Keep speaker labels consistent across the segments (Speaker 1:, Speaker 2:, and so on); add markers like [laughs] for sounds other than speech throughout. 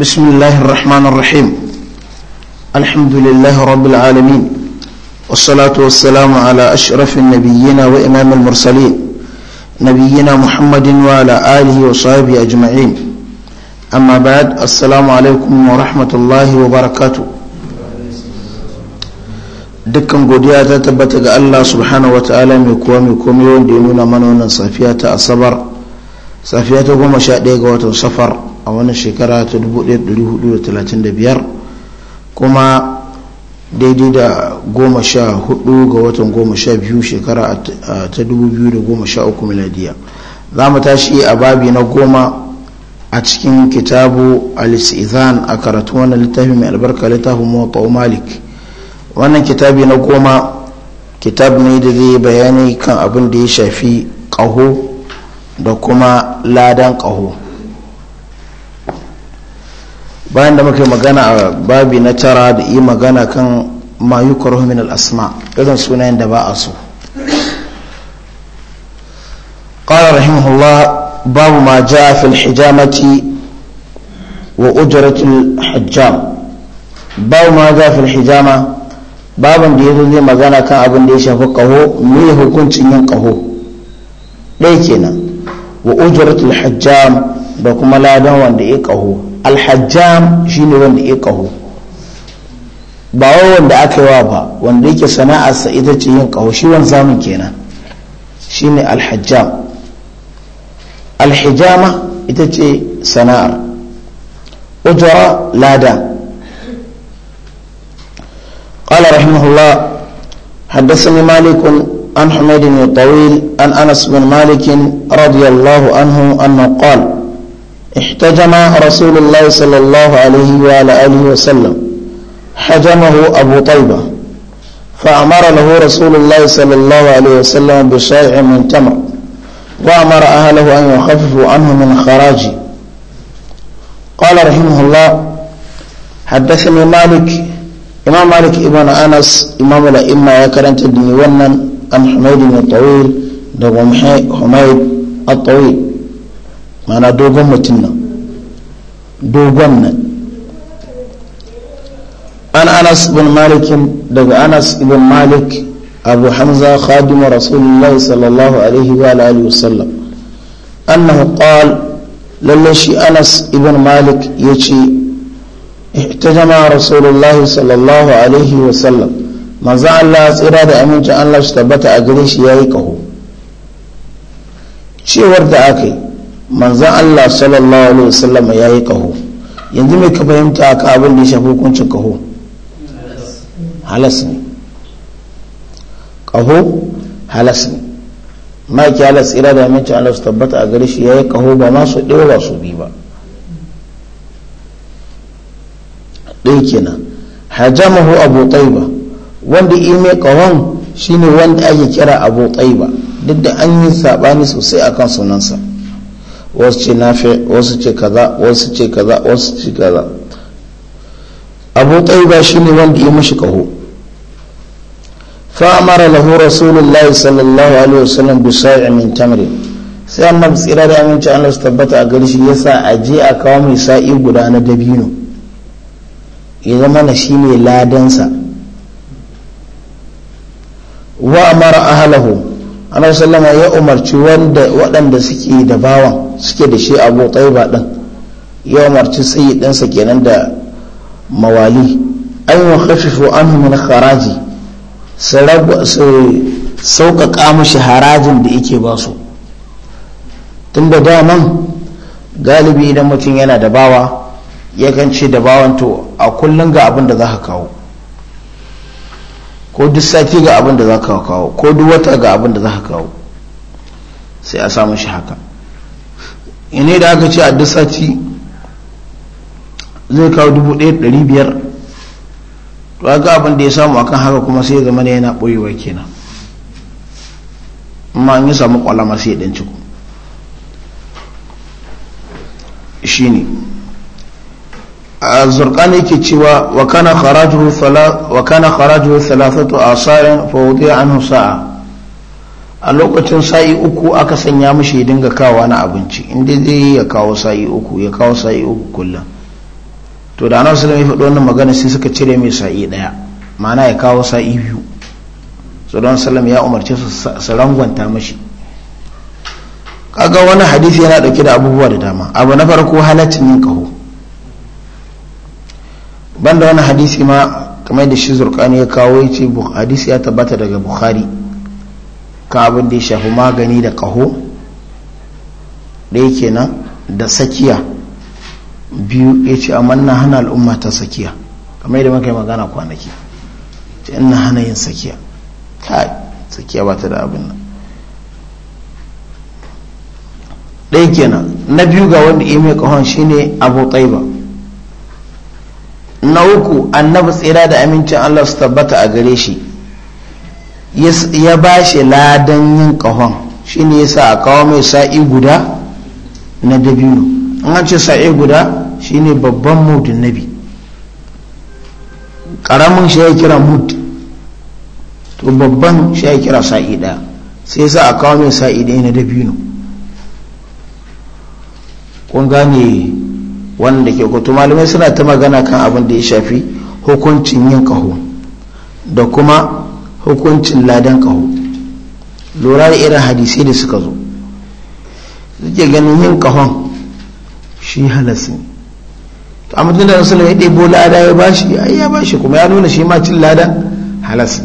Speaker 1: بسم الله الرحمن الرحيم الحمد لله رب العالمين والصلاة والسلام على أشرف النبيين وإمام المرسلين نبينا محمد وعلى آله وصحبه أجمعين أما بعد السلام عليكم ورحمة الله وبركاته dukkan godiya ta tabbata ga Allah subhanahu wa ta'ala mai kuwa mai komai wanda ya nuna mana wannan safiya ta asabar safiya ta goma sha ɗaya ga watan safar a wannan shekara ta 1435 kuma daidai da goma sha hudu ga watan goma sha biyu shekara ta 2013 miladiya za mu tashi a babi na goma a cikin kitabu al-istizan a karatu wani littafi mai albarka littafin mota malik wannan kitabi na goma kitab ne da zai bayani kan abin da ya shafi ƙaho da kuma ladan ƙaho bayan da muka yi magana a babi na tara da yi magana kan min al-asma irin sunayen da ba a so ƙarar rahimahullah babu ma ja fil hijamati wa hajjam babu ma ja fil hijama babin da ya zai magana kan abin da ya shafi ƙaho me hukuncin yin ƙaho ɗaya kenan wa ujratul hajjam da kuma ladan wanda ya ƙaho alhajjam shine wanda ya kaho ba wai wanda aka yi wa ba wanda yake sana'arsa ita ce yin kaho shi wani samun kenan shine alhajjam alhijama ita ce sana'ar ujara lada قال رحمه الله حدثني مالك عن حميد الطويل عن أنس بن مالك رضي الله عنه أنه قال احتجم رسول الله صلى الله عليه وعلى آله وسلم حجمه أبو طيبة فأمر له رسول الله صلى الله عليه وسلم بشائع من تمر وأمر أهله أن يخففوا عنه من خراجه قال رحمه الله حدثني مالك إمام مالك ابن أنس إمام الأئمة يكرنت الدنيا ونن عن حميد بن الطويل دو حميد الطويل mana dogon mutum nan dogon nan an anas bin malikin daga anas ibn malik abu hamza khadimu rasulullah sallallahu alaihi wa alihi wasallam annahu qala lalle shi anas ibn malik ya ce ihtajama rasulullahi sallallahu alaihi wasallam manzo Allah tsira da amincin Allah shi tabbata a gare shi yayi kaho cewar da aka yi manzan Allah sallallahu alaihi wasallam ya yi kaho yanzu mai ka fahimta ka abin da ya shafi hukuncin kaho halas ne kaho halas ne maki halas tsira da mace ala su tabbata a gare shi ya yi kaho ba masu ɗaya ba su bi ba ɗaya kenan hajamahu abu taiba wanda ime kahon shine wanda ake kira abu taiba duk da an yi saɓani sosai a kan sunansa wasu ce nafi wasu ce kaza wasu ce kaza wasu ce kaza abu ba shi ne wanda ya mashi kaho fa'amara lahu rasulullahi sallallahu alaihi wasallam bi sa'i min tamri sai annabi tsira da aminci Allah su tabbata a gari shi yasa a je a kawo mai sa'i guda na dabino ya zama na shi ne ladansa wa amara ahalahu annabi sallama ya umarci wanda waɗanda suke da bawan suke da shi abu taiba din ya umarci tsayi ɗinsa kenan da mawali an yi khaffifu anhu min haraji su sauƙaƙa mushi harajin da yake ba su tun da daman galibi idan mutum yana da bawa yakan ce da bawan to a kullum ga abin da za ka kawo ko duk sati ga abin da za ka kawo ko duk wata ga abin da za ka kawo sai a samu shi haka ina da aka ce a duk sati zai kawo dubu ɗaya ɗari biyar to ga abin da ya samu akan haka kuma sai zama ne yana ɓoyewa kenan amma an yi samu kwalama sai ya ɗan shi ne الزرقاني كتشوى وكان خراجه فلا وكان خراجه ثلاثة آصاع فوضيع عنه ساعة a lokacin sa'i uku aka sanya mashi ya dinga kawa na abinci inda zai ya kawo sa'i uku ya kawo sa'i uku kullum to da anar sulami faɗo wannan magana sai suka cire mai sa'i ɗaya mana ya kawo sa'i biyu tsoron salam ya umarci su su rangwanta ka ga wani hadisi yana ɗauke da abubuwa da dama abu na farko halaccin yin kaho banda wani hadisi ma kamar da shi zurkani ya kawo ya ce hadisi ya tabbata daga bukhari ka abin da ya shafi magani da kaho da yake nan da sakiya biyu ya ce amma na hana al'umma ta sakiya kamar da maka yi magana kwanaki ce ina hana yin sakiya kai sakiya ba ta da abin nan ɗaya kenan na biyu ga wanda ya mai kahon shine abu taiba na uku annabi tsira da amincin Allah su tabbata a gare shi ya ba shi ladan yin kahon shi ne ya sa a kawo mai sa'i guda na dabino an ce sa'i guda shi ne babban mudin nabi ƙaramin shi ya kira mud to babban shi ya kira sa'i ɗaya sai sa a kawo mai sa'i ɗaya na dabino kun gane wannan da ke kuto malamai suna ta magana kan abin da ya shafi hukuncin yin kaho da kuma hukuncin ladan kaho lura da irin hadisai da suka zo suke ganin yin kahon shi halasi to a mutum da rasulun ya ɗebo lada ya bashi ai ya bashi kuma ya nuna shi ma cin lada halasi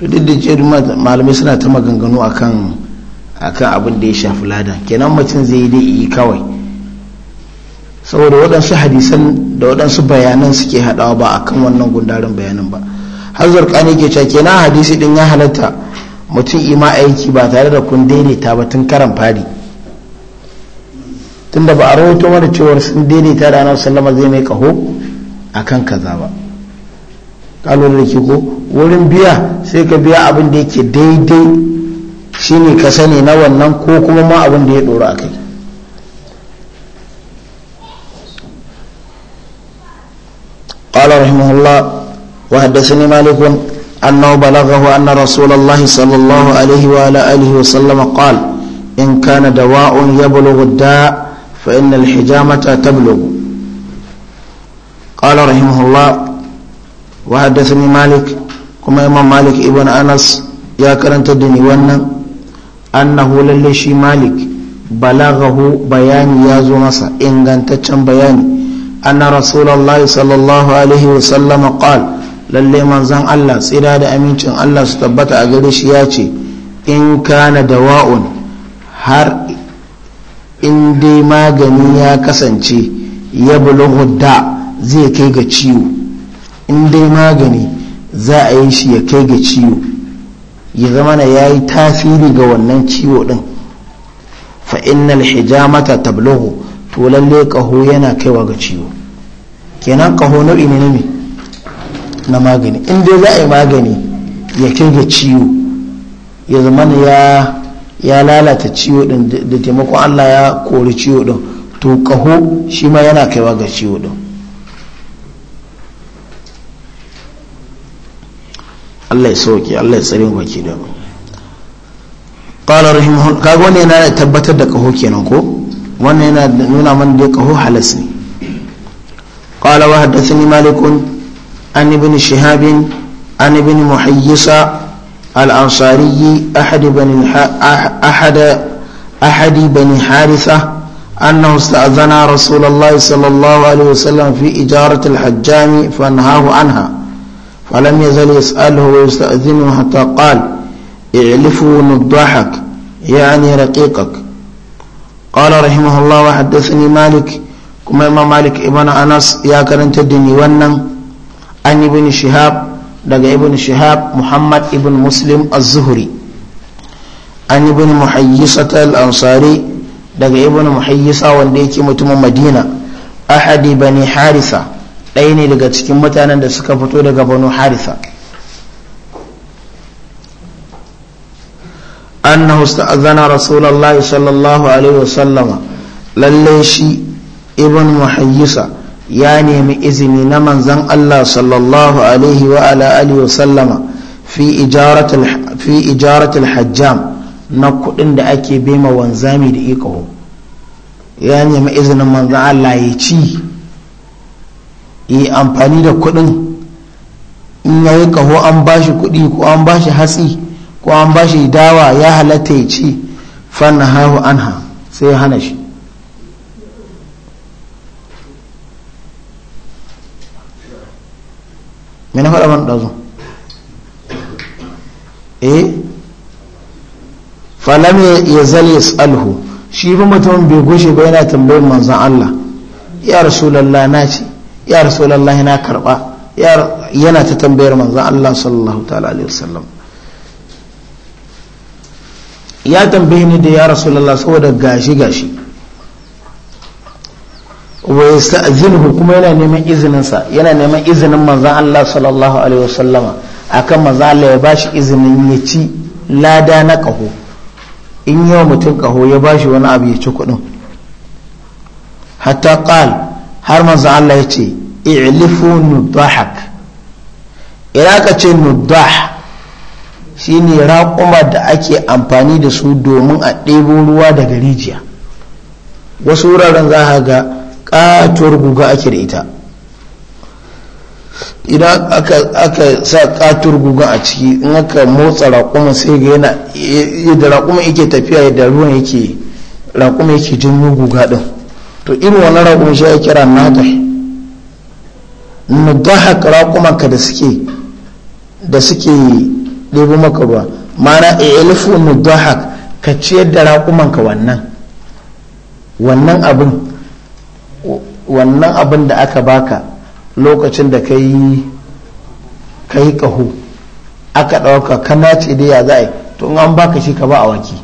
Speaker 1: to duk da ce malamai suna ta maganganu akan akan abin da ya shafi lada kenan mutum zai yi dai yi kawai saboda waɗansu hadisan da waɗansu bayanan suke haɗawa ba akan wannan gundarin bayanan ba har kani ke cake na hadisi din ya halatta mutum ima aiki ba tare da kun daidaita ba tun karan fari tun da ba a rahoto mana cewar sun daidaita da annabi sallama zai mai kaho akan kaza ba kalon da ke ko wurin biya sai ka biya abin da yake daidai shine ka sani na wannan ko kuma ma abin da ya ɗora a kai. قال رحمه الله وحدثني مالك أنه بلغه أن رسول الله صلى الله عليه وعلى آله وسلم قال إن كان دواء يبلغ الداء فإن الحجامة تبلغ قال رحمه الله وحدثني مالك كما إمام مالك ابن أنس يا كرنت الدنيا ونن أنه للشي مالك بلغه بياني يا زمسا إن كانت بياني alaihi wa sallama صلى الله عليه وسلم tsira da amincin Allah Su tabbata a الله shi ya ce, in kana dawa'un har in dai magani ya kasance ya da zai kai ga ciwo in dai magani za a yi shi ya kai ga ciwo ya zama na ya yi tasiri ga wannan ciwo din fa innal hijamata tablughu to lalle kaho yana kaiwa ga ciwo kenan kaho nau'i ne ne na magani inda za a yi magani ya kai ga ciwo ya zama ya ya lalata ciwo din da taimakon Allah ya kori ciwo din to kaho shi ma yana kaiwa ga ciwo din Allah ya sauke Allah ya tsare baki da qala rahimahullah kaga na yana tabbatar da kaho kenan ko wannan yana nuna mana da kaho halas ne qala wa haddathani malikun an ibn shihab أحد ibn أحد بني حارثة أنه استأذن رسول الله صلى الله عليه وسلم في إجارة الحجام فنهاه عنها فلم يزل يسأله ويستأذنه حتى قال اعلفوا نضاحك يعني رقيقك قال رحمه الله malik مالك كما إمام مالك ابن أنس يا كرنت الدنيا ونن أن ابن شهاب daga ibn shihab muhammad ibn muslim az-zuhri bin ibn muhayyisat al-ansari daga ibn muhayyisa wanda yake mutumin madina ahadi bani harisa ɗaya ne daga cikin mutanen da suka fito daga banu harisa annahu sta'azana rasulullahi sallallahu alaihi wasallama lalle shi ibn muhayyisa ya nemi izini na manzan Allah sallallahu alaihi wa ala alihi wasallama fi ijaratul fi ijaratul hajjam na kudin da ake bema wanzami da ikawo ya nemi izinin manzan Allah ya ci yi amfani da kudin in yayi kaho an bashi kudi ko an bashi hatsi ko an ba shi dawa ya halatta ya ci fanna hahu anha sai ya hana shi me na faɗa man ɗazu eh falam ya zal yas'alhu shi fa mutum bai gushe ba yana tambayar manzan Allah ya rasulullah na ci ya rasulullah na karɓa, yana ta tambayar manzan Allah sallallahu ta'ala alaihi wasallam ya tambaye ni da ya rasulullah saboda gashi gashi wa yasta'zinuhu kuma yana neman izininsa yana neman izinin manza Allah sallallahu alaihi wasallama akan maza Allah ya shi izinin ya ci lada na kaho in yawa mutum kaho ya ba shi wani abu ya ci kudin hatta qal har manza Allah ya ce i'lifu nudahak idan ka ce nudah shine raƙuma da ake amfani da su domin a ɗebo ruwa daga rijiya wasu wuraren za a ga ƙatuwar guga ake da ita idan aka sa ƙatuwar guga a ciki in aka motsa raƙuma sai ga yana yadda raƙuma yake tafiya yadda ruwan yake raƙuma yake janyo guga ɗin to irin wani raƙuma shi ya kira nadar haka raƙuma ka da suke da suke ɗebo maka ruwa mana ilfu mudahak ka ciyar da raƙumanka wannan wannan abin da aka baka lokacin da ka yi ƙaho aka ɗauka ka ce da ya za a yi to an baka shi ka ba a waki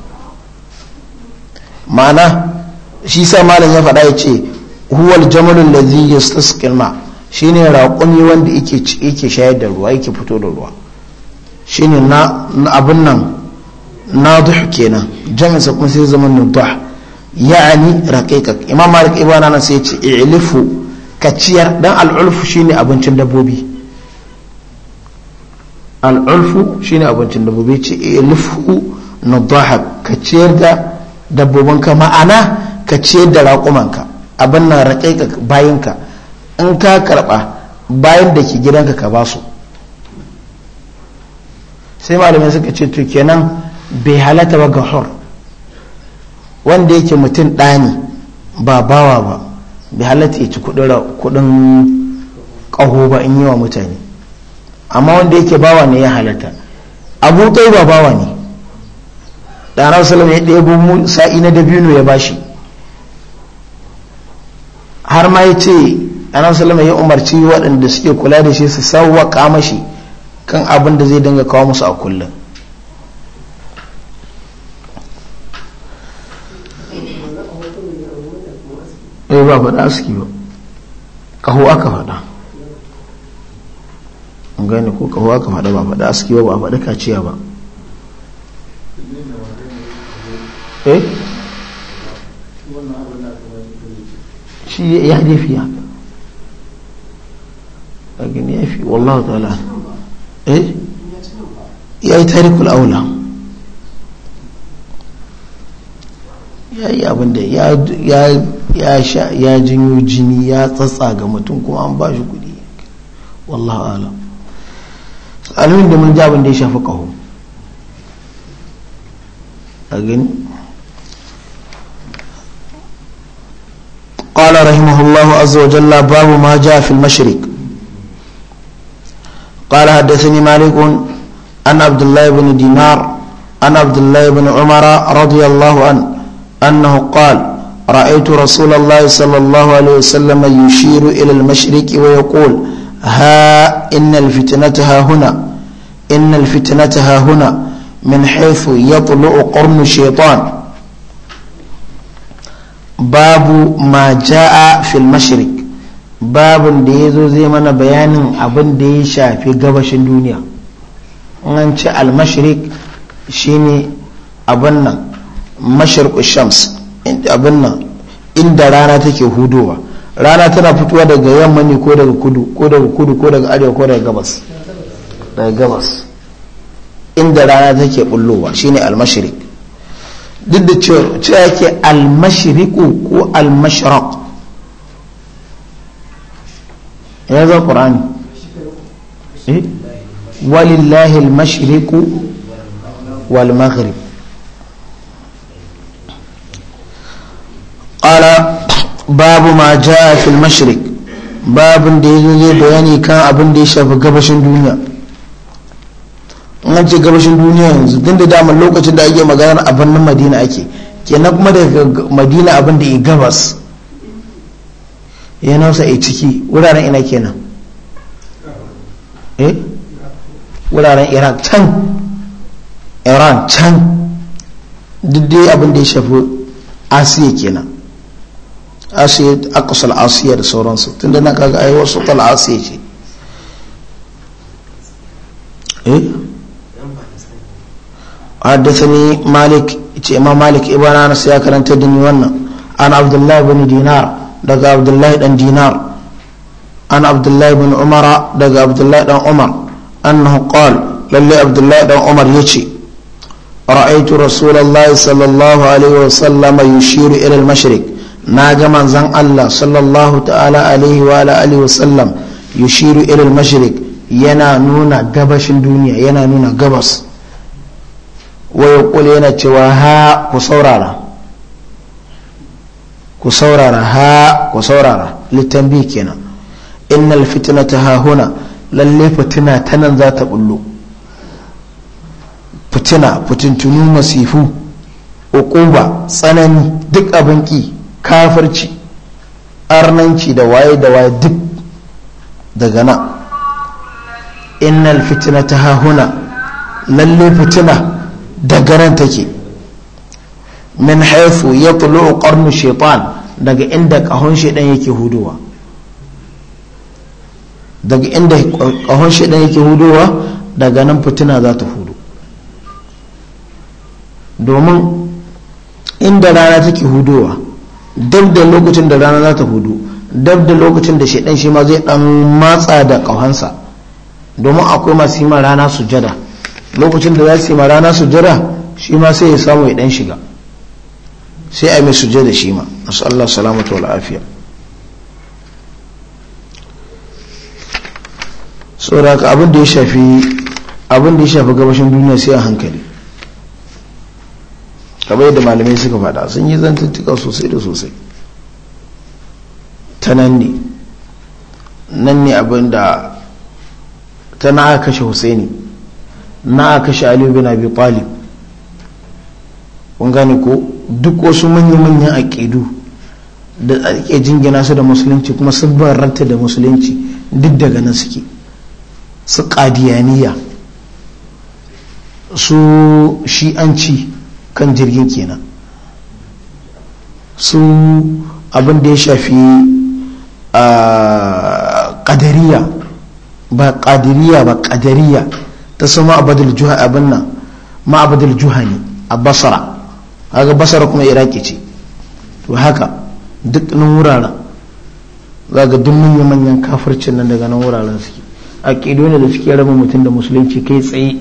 Speaker 1: ma'ana shi sa malam ya faɗa ya ce huwal jamalun lazi yastasqil shi shine raƙumi wanda ike yake shayar da ruwa yake fito da ruwa shine na abin nan nadih kenan jami'insa kuma sai zama nudah ya'ani ka imam malik ibana nan sai ce i'lifu ka ciyar dan al'ulfu shine abincin dabbobi al'ulfu shine abincin dabbobi ce i'lifu nadahab ka ciyar da dabbobinka ma'ana ka ciyar da raƙumanka abin nan bayan ka in ka karba bayan da ke gidanka ka basu sai malamai suka ce to kenan bai halata ba ga hur wanda yake mutum ɗani ba bawa ba bai halata ya ci kudin ƙaho ba in yi wa mutane amma wanda yake bawa ne ya halata abu ba bawa ne ɗanar salam ya ɗebo sa'i na dabino ya bashi har ma ya ce ɗanar salam ya umarci waɗanda suke kula da shi su sauwaƙa mashi kan abin da zai dinga kawo musu a kullum eh ba faɗa aski ba kaho aka faɗa gane ko kaho aka faɗa ba faɗa aski ba ba faɗa kaciya ba eh shi ya dafi haka gani ya fi wallahu ta'ala eh ya yi tarikul aula ya yi abinda ya jinyo jini ya tsatsa ga mutum kuma an ba shi kudi wallahu ala alamin da mun ji abin da ya shafi kaho a gani قال رحمه الله عز وجل باب ما جاء في المشرق قال حدثني مالك أن عبد الله بن دينار أن عبد الله بن عمر رضي الله عنه أنه قال رأيت رسول الله صلى الله عليه وسلم يشير إلى المشرق ويقول ها إن الفتنة ها هنا إن الفتنة ها هنا من حيث يطلع قرن الشيطان باب ما جاء في المشرق babin da ya zo zai mana bayanin abin da ya shafi gabashin duniya an ci al-mashriq shine abin nan mashirku shams abin nan inda rana take hudowa rana tana fitowa daga yamma ne ko daga kudu ko daga kudu ko daga arewa ko daga gabas daga gabas inda rana take bullowa shine al-mashriq duk da cewa yake al-mashriqu ko al-mashraq ya zo eh? walillahi al mashriku wal maghrib babu ma jaa fil mashriq babin da ya zai bayani kan abin da ya shafi gabashin duniya an ce gabashin duniya yanzu tun da damar lokacin da ake maganar abin nan madina ake kenan kuma daga madina abin da ya gabas ya nausa a ciki wuraren ina kenan eh wuraren iran can iran can dai abin da ya shafi asiya kenan asiya akusal asiya da sauransu tun da na kaga ayi wasu tal asiya ce eh malik ce إمام malik ابن أنس يا karanta الدنيا wannan an abdullahi bin dinar daga abdullahi dan dinar an abdullahi bin umara daga abdullahi dan umar annahu qal lalle abdullahi dan umar yace ra'aytu rasulullahi sallallahu alaihi wa sallama yushiru ila al-mashriq na ga manzon Allah sallallahu ta'ala alaihi wa alihi wa sallam yushiru ila al-mashriq yana nuna gabashin duniya yana nuna gabas wa yaqul yana cewa ha ku saurara ku saurara ha ku saurara littanbi kenan innal fitnata ha huna lalle fitina ta nan za ta bullo fitina fitintunu masifu ukuba tsanani duk abin ki kafirci arnanci da waye da waye duk daga nan innal fitnata ha huna lalle fitina daga nan take min haifu ya tulu ƙarnu shaitan daga inda ƙahon shaitan yake hudowa daga inda ƙahon shaitan yake hudowa daga nan fitina za ta hudu domin inda rana take hudowa duk da lokacin da rana za ta hudu duk da lokacin da shaitan shi ma zai dan matsa da ƙahonsa domin akwai masu yi ma rana sujada lokacin da za su yi rana sujada shi ma sai ya samu ya dan shiga sai a suje da shi ma nasu Allah salamata wa la'afiya tsoraka abinda da ya shafi abin da ya shafi gabashin duniya sai a hankali kamar yadda malamai suka fada sun yi zantuntuka sosai da sosai ta nan ne nan ne abin da ta na kashe husaini na kashe aliyu bin abi talib kun gane ko duk wasu manya-manyan aƙidu da ake jingina su da musulunci kuma sun ranta da musulunci duk daga nan suke su ƙadiyaniya su shi'anci kan jirgin kenan su abin da ya shafi a ƙadariya ba ƙadiriya ba ƙadariya ta sama abadul juha abin ma abadul juhani a basara kaga basar kuma iraki ce to haka duk nan wuraren za ga duk manyan manyan kafircin nan daga nan wuraren suke a ne da suke raba mutum da musulunci kai tsaye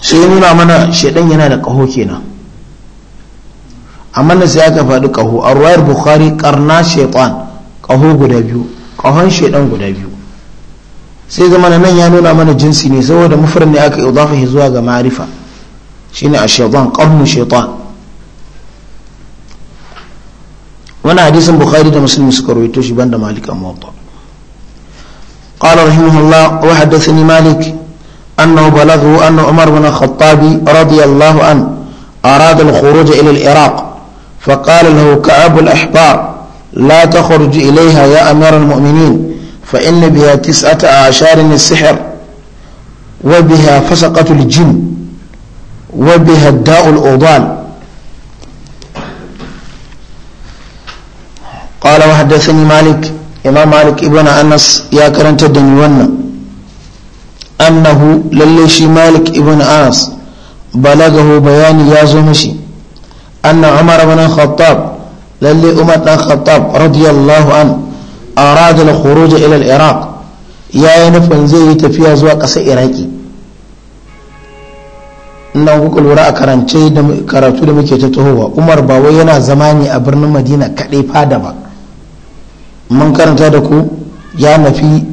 Speaker 1: sai ya nuna mana shaidan yana da ƙaho kenan amma na sai aka faɗi ƙaho a ruwayar bukhari ƙarna shaitan ƙaho guda biyu ƙahon shaidan guda biyu sai zama nan ya nuna mana jinsi ne saboda mufrad ne aka idafa shi zuwa ga ma'rifa shine ash-shaytan qarnu shaytan wannan hadisin bukhari da muslim suka rawaito shi banda malik al-muwatta قال رحمه الله وحدثني مالك أنه بلغه أن عمر بن الخطاب رضي الله عنه أراد الخروج إلى العراق فقال له كعب الأحبار لا تخرج إليها يا أمير المؤمنين فإن بها تسعة أعشار من السحر وبها فسقة الجن وبها الداء الأوضان قال وحدثني مالك إمام مالك ابن أنس يا كرنت الدنيوانا أنه لليشي مالك ابن أنس بلغه بيان يا زمشي أن عمر بن الخطاب للي أمت الخطاب رضي الله عنه arada al-khuruj ila al-iraq yayi nufin zai yi tafiya zuwa ƙasar iraki ina kuka lura a karance da karatu da muke ta tahowa umar ba wai yana zama ne a birnin madina kaɗai fada ba mun karanta da ku ya nafi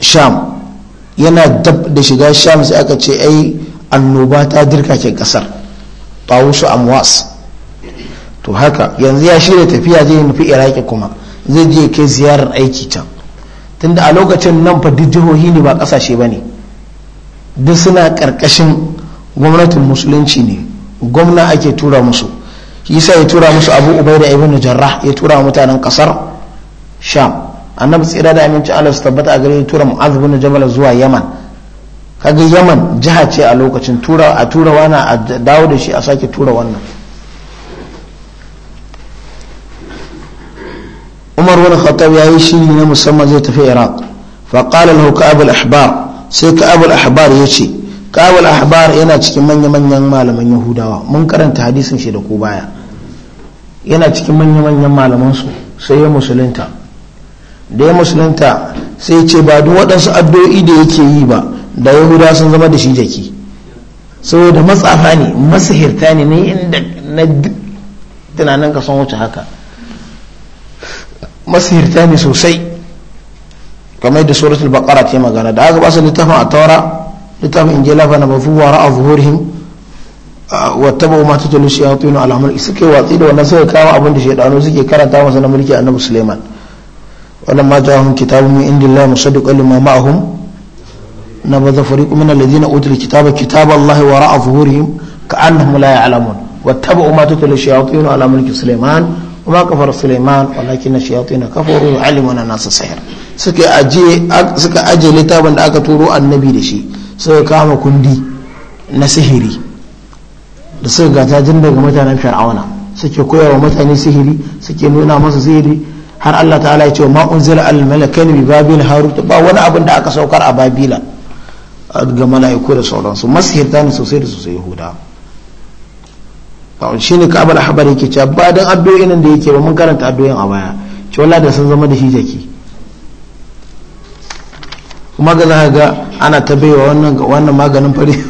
Speaker 1: sham yana dab da shiga sham sai aka ce ai annoba ta dirka ke kasar tawusu amwas to haka yanzu ya shirya tafiya zai nufi iraki kuma zai je kai ziyarar aiki can tunda a lokacin nan fa duk jihohi ne ba kasashe ba ne duk suna karkashin gwamnatin musulunci ne gwamna ake tura musu sa ya tura musu abu ubai da ibn jarrah ya tura mutanen kasar sham annabi tsira da aminci Allah su tabbata a gare ya tura mu'adh bin jabal zuwa yaman kaga yaman jiha ce a lokacin tura a tura na a dawo da shi a sake tura wannan umar wani khattab ya yi shiri na musamman zai tafi iraq faƙalar lahu ka'ab al-ahbar sai ka'ab al-ahbar ya ce ka'ab al-ahbar yana cikin manya-manyan malaman yahudawa mun karanta hadisin shi da ku baya yana cikin manya-manyan malaman su sai ya musulunta da ya musulunta sai ya ce ba duk waɗansu addu'o'i da yake yi ba da yahudawa sun zama da shi jaki saboda matsafa ne masahirta ne na inda na tunanin ka san wuce haka مسير تاني سوسي كما يدي سورة البقرة كما قال دعا قبأس لتفع التورا لتفع إنجيلا فأنا بفو ظهورهم آه، واتبعوا ما تتلو الشياطين على عمل إسكي واتيل ونسوه كاما أبن الشيطان وزكي كارا تاما سنملكي أنه سليمان ولما جاءهم كتاب من عند الله مصدق لما معهم نبذ فريق من الذين أوتوا الكتاب كتاب الله وراء ظهورهم كأنهم لا يعلمون واتبعوا ما تتلو الشياطين على ملك سليمان suleiman walakin na ولكن na كفروا يعلمون alimu na nasu sayar suka ajiye littafin da aka turo annabi da shi suka kama kundi na sihiri da suka gata jin daga mutanen fir'auna suke koyawa mutane sihiri suke nuna masa sihiri har Allah ta'ala ya ce ma unzila al malakain bi babil harut ba wani abin da aka saukar a babila ga mala'iku da sauransu masihirta ne sosai da sosai yahudawa shi ne ka'abar habar yake cewa ba don addu'o'in nan da yake ba mun karanta addu'o'in a baya wala da sun zama da shi jaki kuma ga zaka ga ana ta baiwa wannan wannan maganin fari [laughs]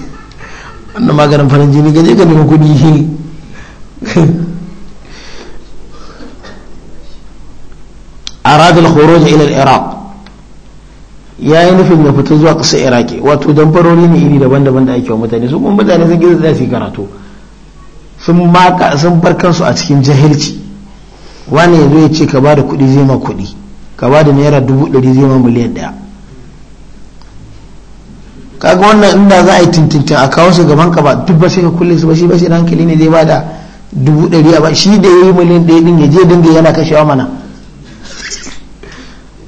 Speaker 1: wannan maganin farin jini gaje ga nemi kudi shi [laughs] arad al-khuruj ila al-iraq yi nufin ya fita zuwa ƙasar iraki wato farori ne iri daban-daban da ake wa mutane su kuma mutane sun gizo da su yi karatu sun maka sun bar kansu a cikin jahilci wani yanzu ya ce ka ba da kuɗi zai ma kuɗi ka ba da naira dubu ɗari zai ma miliyan ɗaya kaga wannan inda za a yi tintintin a kawo su gaban ka ba duk ba sai ka kulle su ba shi ba shi hankali ne zai ba da dubu ɗari a ba shi da ya yi miliyan ɗaya ɗin ya je dinga yana kashewa mana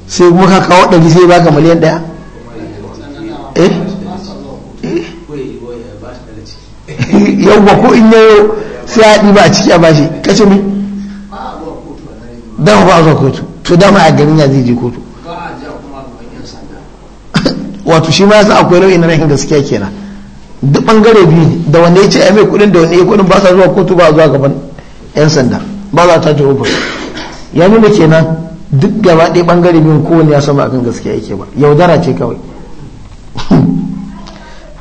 Speaker 1: sai kuma ka kawo ɗari sai baka miliyan ɗaya eh yawwa ko in yayo sai ya ɗiba a ciki a bashi kace me dama ba zuwa kotu to dama a garin ya zai je kotu [laughs] wato shi ma yasa akwai nau'in rahin gaskiya kenan duk bangare biyu da wanda ya ce ai mai kudin da wanda ya kudin ba sa zuwa kotu ba zuwa gaban yan sanda ba za ta jawo ofis ya nuna kenan duk gaba ɗaya bangare biyun kowane ya sama akan gaskiya yake ba yaudara ce kawai [laughs]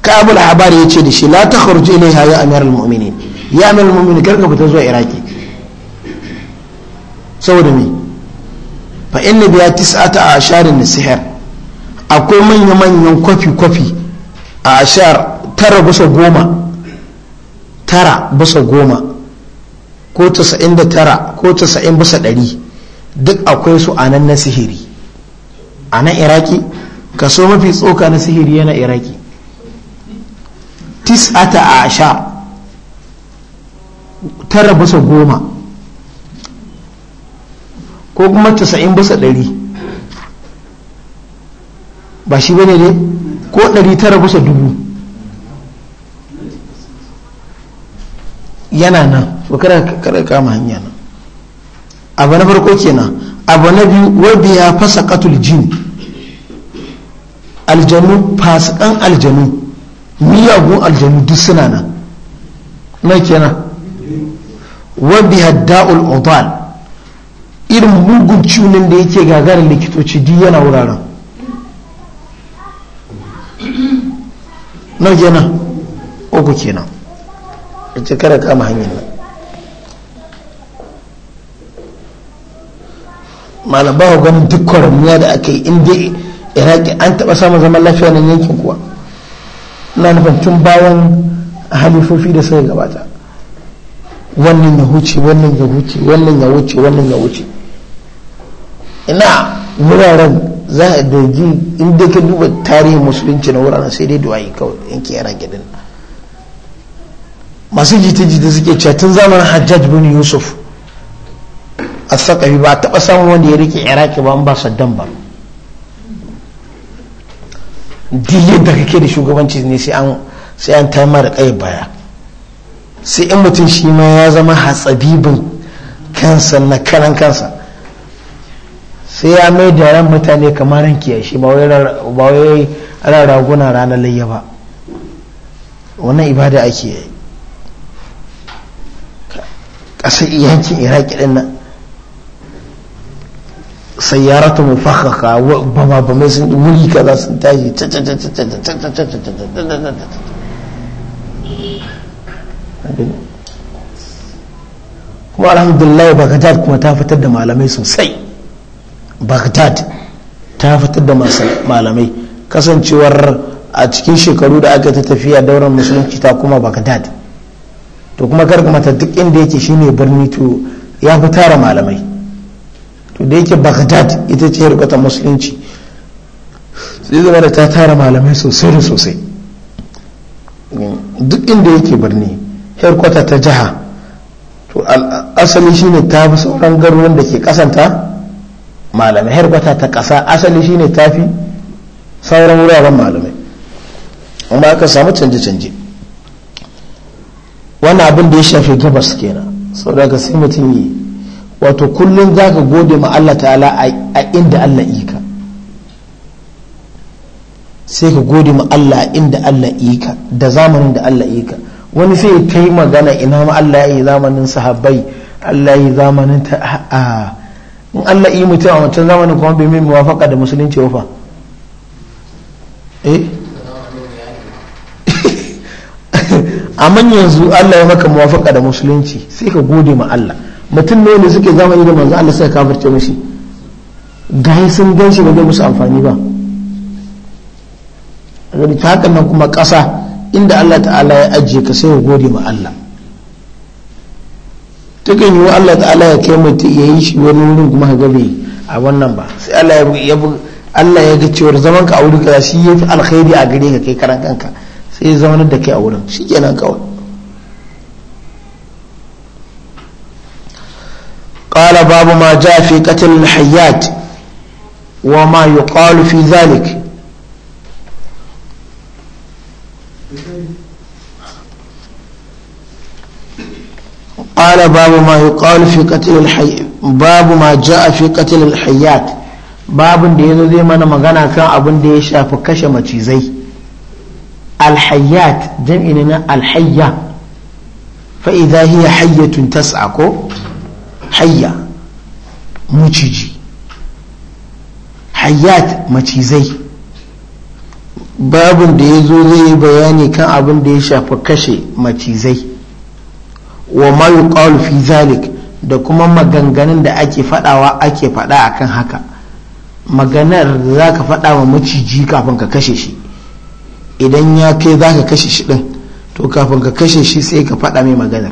Speaker 1: kabul habari ya ce da shi la ta kharuji ilaiha ya amir al mumini ya amir al mumini karka fita zuwa iraki saboda me fa inna biya tis'ata a asharin na sihir akwai manya-manyan kwafi-kwafi a ashar tara bisa goma tara bisa goma ko tasa'in da tara ko tasa'in bisa ɗari duk akwai su a nan na sihiri a nan iraki kaso mafi tsoka na sihiri yana iraki tis'ata asha tara bisa goma ko kuma tasa'in bisa ɗari ba shi bane ne ko ɗari tara bisa dubu yana nan kada kada kama hanya nan abu na farko kenan abu na biyu wadda ya fasa katul jin aljanu fasikan aljanu miyagun aljanu duk suna nan na kenan wabi hadda'ul odal irin mugun cunin da yake gagarin likitoci duk yana wuraren na kenan uku kenan ita ka kama hanyar nan malaba ganin duk kwaramiya da aka yi inda iraki an taba samun zaman lafiya nan yankin kuwa na nufantun bayan halifofi da suka gabata wannan ya huce wannan ya huce wannan ya wuce wannan ya wuce ina wuraren za a daji inda ka duba tarihin musulunci na wuraren sai dai duwayi kawai yanke yana gidan masu jita-jita suke cewa tun zamanin hajjaj bin yusuf a sakafi ba a taɓa samun wanda ya rike iraki ba an ba saddam ba duk da kake da shugabanci ne sai an sai an kai baya sai in mutum shi ma ya zama hatsabibin kansa na karan kansa sai ya mai da ran mutane kamar ran shi ba wai ran raguna ranar layya ba wannan ibada ake yi ƙasar yankin iraki ɗin nan sayyaratu mufakhakha ba ma ba mai sun wuri kaza sun tashi kuma alhamdulillah baghdad kuma ta fitar da malamai sosai baghdad ta fitar da malamai kasancewar a cikin shekaru da aka ta tafiya dauran musulunci ta kuma baghdad to kuma ta duk inda yake shine birni to ya fi tara malamai to da yake baghdad ita ce rubata musulunci sai zama da ta tara malamai sosai da sosai duk inda yake birni herkwata ta jiha to asali shine ta fi sauran garuruwan da ke kasanta malamai herkwata ta kasa asali shine ta fi sauran wuraren malamai amma aka samu canje-canje wani abin da ya shafi gabas kenan sau daga sai mutum yi wato kullum za ka gode ma Allah ta'ala a inda Allah yi ka, sai ka gode ma Allah a inda Allah yi ka, da zamanin da Allah yi ka, wani sai ka yi magana ina ma Allah ya yi zamanin sahabbai Allah ya yi zamanin ta a in Allah yi mutum a mutum zamanin kuma bai mai mawafaka da musulunci wafa eh [laughs] manyan yanzu Allah ya maka mawafaka da musulunci sai ka gode ma Allah mutum ne ne suke zamani da manzo Allah sai kafirce mashi ga sun gan ba zai musu amfani ba gani ta haka nan kuma kasa inda Allah ta'ala ya ajiye ka sai ya gode ma Allah takan yi Allah ta'ala ya kai mutum ya yi shi wani wurin kuma ka gabe a wannan ba sai Allah ya Allah ya ga cewar zaman ka a wurin ka shi yafi alkhairi a gare ka kai karan kanka sai ya zama da kai a wurin shikenan kawai قال باب ما جاء في قتل الحيات وما يقال في ذلك قال باب ما يقال في قتل الحي باب ما جاء في قتل الحيات باب da yazo zai mana magana kan abin da ya shafi kashe macizai alhayyat jam'i na alhayya fa idha hiya hayyatun tas'a ko hayya muciji hayyat macizai babin da ya zo zai yi bayani kan abin da ya shafi kashe macizai wa mayu fi zalik da kuma maganganun da ake fadawa ake fada kan haka maganar da za ka fada wa maciji kafin ka kashe shi idan ya kai za ka kashe shi ɗin to kafin ka kashe shi sai ka fada mai maganar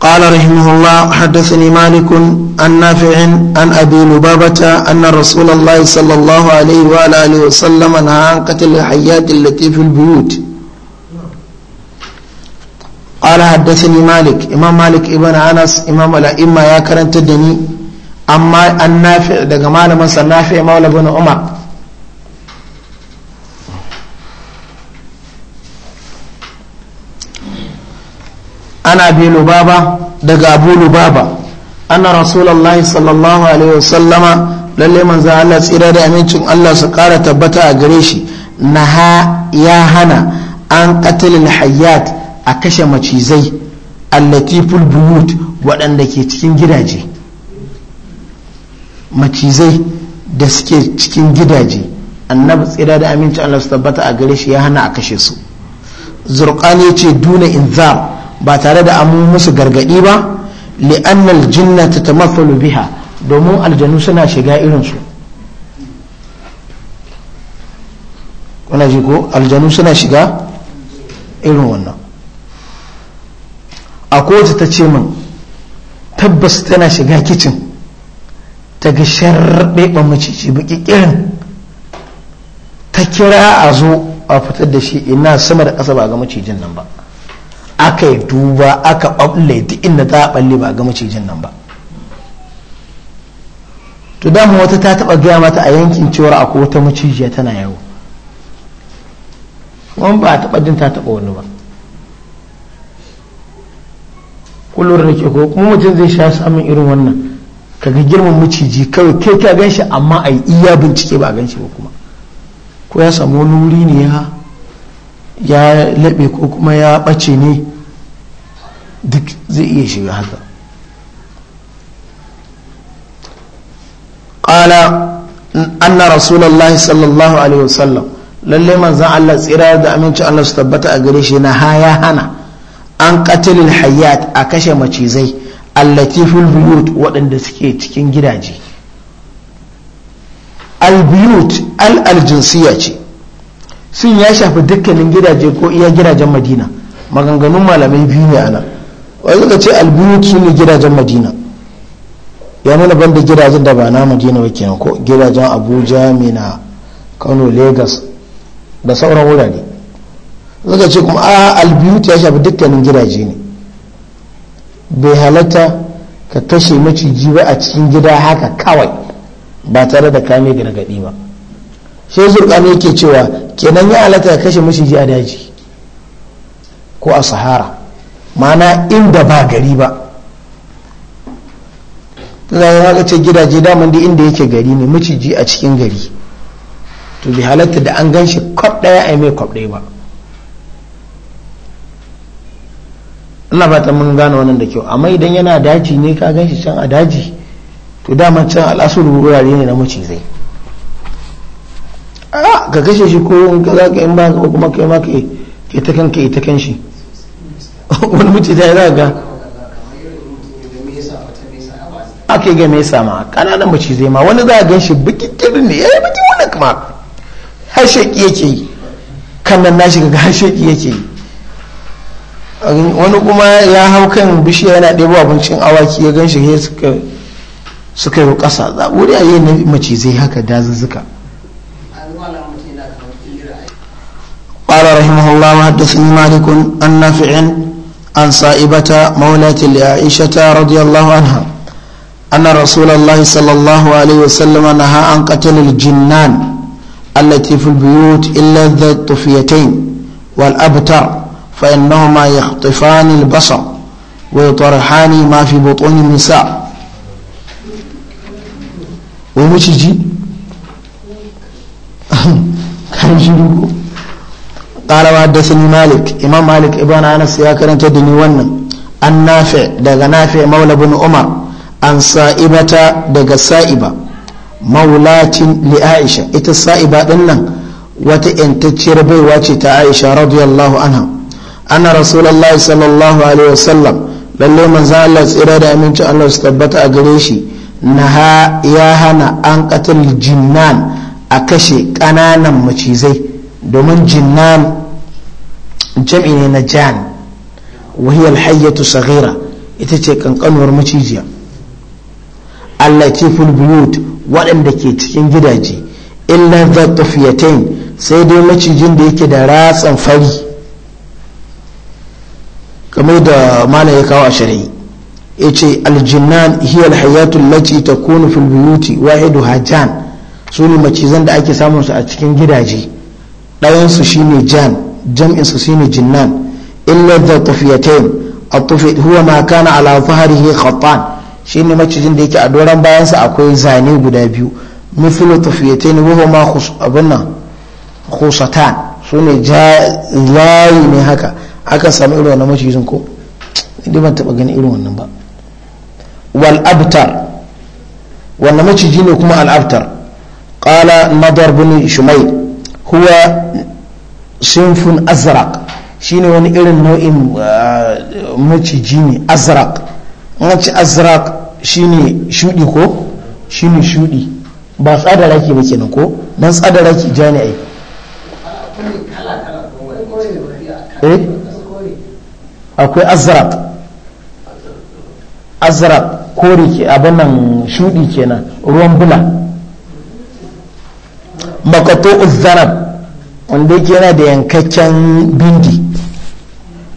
Speaker 1: قال رحمه الله حدثني مالك عن نافع عن أبي لبابة أن رسول الله صلى الله عليه وآله وسلم نهى عن قتل الحيات التي في البيوت قال حدثني مالك إمام مالك ابن أنس إمام الأئمة يا كرنت الدني أما النافع دقمال من نافع مولى بن عمر ana abi lubaba daga abu lubaba anna rasulullahi sallallahu alaihi wasallama lalle manzo Allah tsira da amincin Allah su kara tabbata a gare shi naha ya hana an qatlil hayyat a kashe macizai allati ful buyut waɗanda ke cikin gidaje macizai da suke cikin gidaje annabi tsira da amincin Allah su tabbata a gare shi ya hana a kashe su zurqani ce duna inzar ba tare da amu musu gargadi ba li'annal jinna ta biha domin aljanu suna shiga irinsu kuna ji ko aljanu suna shiga irin wannan a kowace ta ce min tabbas tana shiga kicin ta ga sharɓeɓen maciji baki irin ta kira a zo a fitar da shi ina sama da ƙasa ba ga macijin nan ba aka yi duba aka ɓaɓle duk inda za a ɓalle ba ga macijin nan ba to dama wata ta taɓa gaya mata a yankin cewar akwai wata macijiya tana yawo wani ba a taɓa jin ta taɓa wani ba kullum da ke ko kuma mutum zai sha samun irin wannan ka ga girman maciji kawai kai ka gan shi amma a iya bincike ba a gan shi ba kuma ko ya samu wani wuri ne ya ya laɓe ko kuma ya ɓace ne duk zai iya shiga haka ƙala anna rasulallah sallallahu alaihi wasallam lalle manzan Allah tsira da aminci Allah su tabbata a gare shi na haya hana an katilin hayyat a kashe macizai allatiful buyut waɗanda suke cikin gidaje albiyut al-aljinsiyya ce Sun ya shafi dukkanin gidaje ko iya gidajen madina maganganun malamai biyu ne ana wani suka ce albiyu su ne gidajen madina ya nuna ban da gidajen da ba na madina ba kenan ko gidajen abuja mina kano lagos da sauran wurare suka ce kuma a albiyu ya shafi dukkanin gidaje ne bai halatta ka kashe maciji ba a cikin gida haka kawai ba tare da kame gargaɗi ba sai zurkani yake cewa kenan ya halatta ya kashe maciji a daji ko a sahara mana inda ba gari ba na yi ce gidaje daman da inda yake gari ne maciji a cikin gari to bi halatta da an gan shi kwab daya a mai kwab daya ba ina fata mun gane wannan da kyau amma idan yana daji ne ka gan can a daji to dama can al'asuru wurare ne na macizai a ka kashe shi ko in ka za ka in ba ko kuma kai ma ke ta kanka ita kan shi [laughs] wani mace ta yi za ga ake ga mai sama kananan mace zai ma wani za a gan shi bikikirin ne ya yi biki wani kuma ki yake yi kan nan nashi ga ki yake yi wani kuma ya hau kan bishiya yana ɗebo abincin awaki ya gan shi suka yi ƙasa za a wuri a yi macizai haka dazuzzuka قال رحمه الله وحدثني مالك عن نافع عن صائبة مولاة لعائشة رضي الله عنها أن رسول الله صلى الله عليه وسلم نهى عن قتل الجنان التي في البيوت إلا ذات الطفيتين والأبتر فإنهما يخطفان البصر ويطرحان ما في بطون النساء ومشجي [laughs] كان شنو قال وحدثني مالك إمام مالك ابن أنس يا كرنت دني النافع دغ نافع مولى بن عمر عن سائبة دغ سائبة مولاة لعائشة إت السائبة دنن وتأنتشر بي عائشة رضي الله عنها أن رسول الله صلى الله عليه وسلم lalle manzan Allah tsira da aminci Allah su tabbata a gare shi na ya hana an katil jinnan a kashe ƙananan macizai domin jinnan jam'i ne na jan wahiyar hayyatu saghira ita ce kankanuwar macijiya allatiful buyut waɗanda ke cikin gidaje illa za tafiyatain sai dai macijin da yake da ratsan fari kamar da mana ya kawo a shari'i ya ce aljinnan hiyar hayatun lati ta kone filbiyuti wahidu hajjan su ne macizan da ake samunsu a cikin gidaje ɗayansu shine jan jam'in su shine jinnan illa da tafiyatayn at-tufi huwa ma kana ala zahrihi khattan shine macijin da yake a doran bayan sa akwai zane guda biyu mithlu tafiyatayn wa huma khus abunna khusatan sune layi ne haka akan samu irin wannan macijin ko idan ban taba ganin irin wannan ba wal abtar wannan maciji ne kuma al abtar qala nadar bin shumayl huwa sinfun azraq shine wani irin nau'in ah, maciji ne azraq mace azraq shine shudi ko shine shudi ba tsadara ke ba kenan ko dan tsadara ke ja ne eh? akwai azraq azraq kore ke abin nan shudi kenan ruwan bula makato uzzarab wanda yake yana da yankakken bindi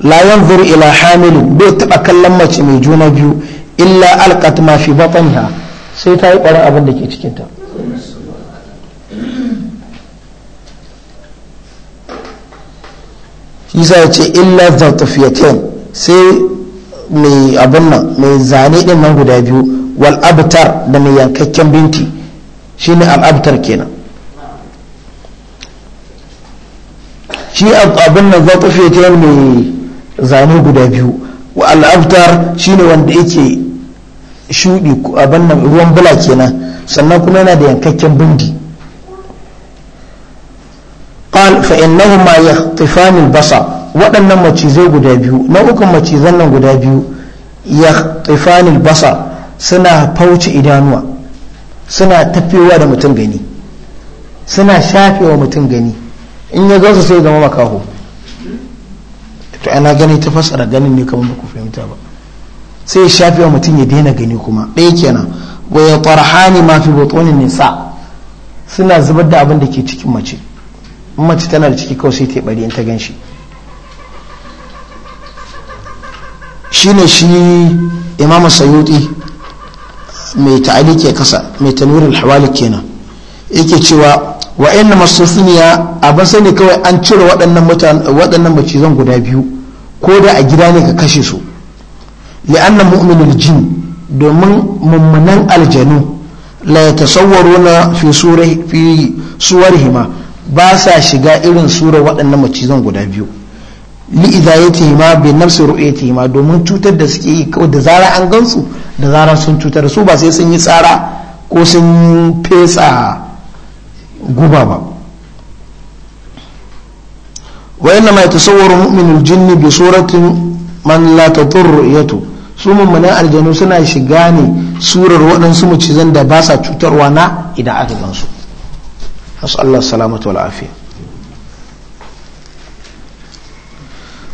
Speaker 1: la yanzuru ila hamilu bai taɓa kallon mace mai juna biyu illa alqat ma fi batanha sai ta yi ƙwarin abin da ke cikinta shi sai ce illa zartafiyatin sai mai abin nan mai zane din nan guda biyu wal abtar da mai yankakken binti shine al abtar kenan shi abin nan zatafi yake mai zane guda biyu wa al'abtar ne wanda yake shuɗi abin nan ruwan bula kenan sannan kuma yana da yankakken bindi qal fa innahuma yaqtifan waɗannan macizai guda biyu na uku macizan nan guda biyu yaqtifan al suna fauci idanuwa suna tafewa da mutum gani suna shafewa mutum gani in ya gansu sai ya zama makaho to ana gani ta fasara ganin ne kamar ku fahimta ba sai ya shafi wa mutum ya daina gani kuma ɗaya kenan wa ya tarhani ma fi botonin nisa suna zubar da abin da ke cikin mace in mace tana da ciki kawai sai ta bari in ta gan shi shine shi imam sayuti mai ta'aliki kasa mai tanwirul hawali kenan yake cewa wa inna masusuniya abin sani kawai an cire waɗannan mutane waɗannan macizan guda biyu ko da a gida ne ka kashe su li'anna mu'minul jin domin mummunan aljanu la na fi sura fi suwarihima ba sa shiga irin sura waɗannan macizan guda biyu li'idayatihima bi nafsi ru'yatihima domin cutar da suke yi kawai da zara an gansu da zara sun cutar su ba sai sun yi tsara ko sun fesa guba ba wa inna ma yatasawwaru mu'minul jinni bi suratin man la tadur yatu su mummunan aljanu suna shiga ne surar waɗansu macizan da ba sa cutarwa na idan aka gansu nasu Allah salamatu wal afiya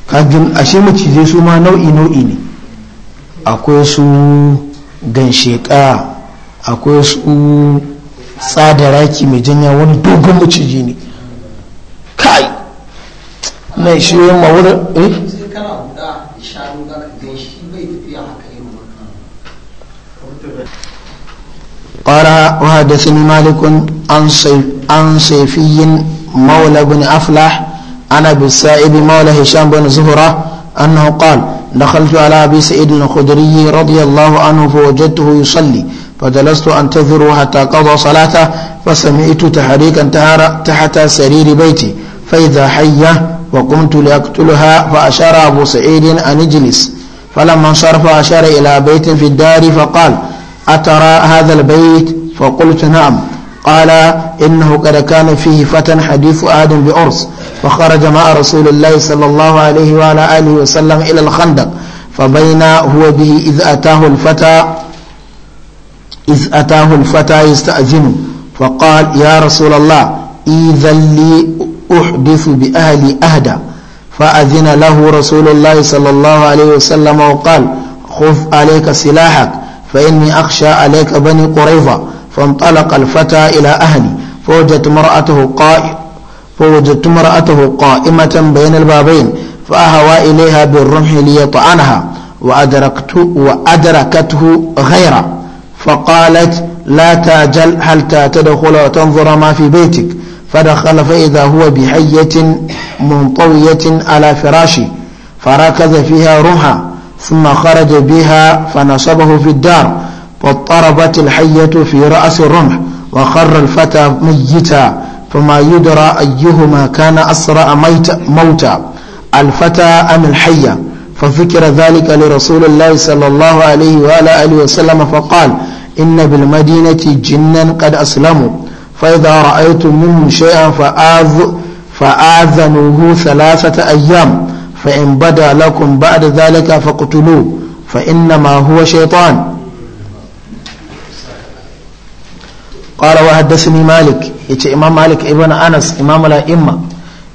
Speaker 1: kajin ashe macizai su ma nau'i nau'i ne akwai su gansheka akwai su tsadaraki mai janya wani dogon maciji ne kai na shi yin ma wurin eh قال وحدثني مالك عن صيف عن صيفي مولى بن افلح عن ابي السائب مولى هشام بن زهره انه قال دخلت على ابي سعيد الخدري رضي الله عنه فوجدته يصلي فجلست أنتظر حتى قضى صلاته فسمعت تحريكا تحت سرير بيتي فإذا حية وقمت لأقتلها فأشار أبو سعيد أن اجلس فلما انصرف أشار إلى بيت في الدار فقال أترى هذا البيت فقلت نعم قال إنه قد كان فيه فتى حديث آدم بأرس فخرج مع رسول الله صلى الله عليه وعلى آله وسلم إلى الخندق فبين هو به إذ أتاه الفتى إذ أتاه الفتى يستأذن فقال يا رسول الله إذا لي أحدث بأهلي أهدى فأذن له رسول الله صلى الله عليه وسلم وقال خف عليك سلاحك فإني أخشى عليك بني قريظة فانطلق الفتى إلى أهلي فوجدت مرأته قائمة فوجدت امرأته قائمة بين البابين فأهوى إليها بالرمح ليطعنها وأدركته, وأدركته غيره فقالت لا تاجل هل تدخل وتنظر ما في بيتك فدخل فإذا هو بحية منطوية على فراشي فركز فيها روحا ثم خرج بها فنصبه في الدار واضطربت الحية في رأس الرمح وخر الفتى ميتا فما يدرى أيهما كان أسرع ميت موتا الفتى أم الحية فذكر ذلك لرسول الله صلى الله عليه وآله وسلم فقال إن بالمدينة جنا قد أسلموا فإذا رأيتم منهم شيئا فآذ فآذنوه ثلاثة أيام فإن بدا لكم بعد ذلك فاقتلوه فإنما هو شيطان قال وحدثني مالك يتي إمام مالك ابن أنس إمام الأئمة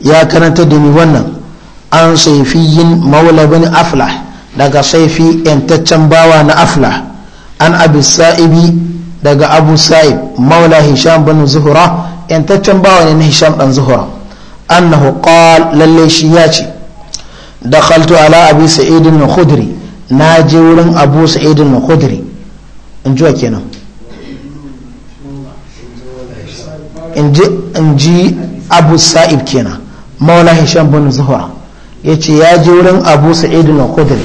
Speaker 1: يا كانت دني ونن عن صيفي مولى بن أفلح daga saifi yantaccen bawa na aflah an abu sa'ibi daga abu sa'ib maula hisham bin zuhura yantaccen bawa ne na hisham dan zuhura annahu qal lalle shi ya ce dakhaltu ala abi sa'id bin khudri na je wurin abu sa'id bin khudri in ji kenan in ji abu sa'ib kenan maula hisham bin zuhura yace ya je wurin abu sa'id bin khudri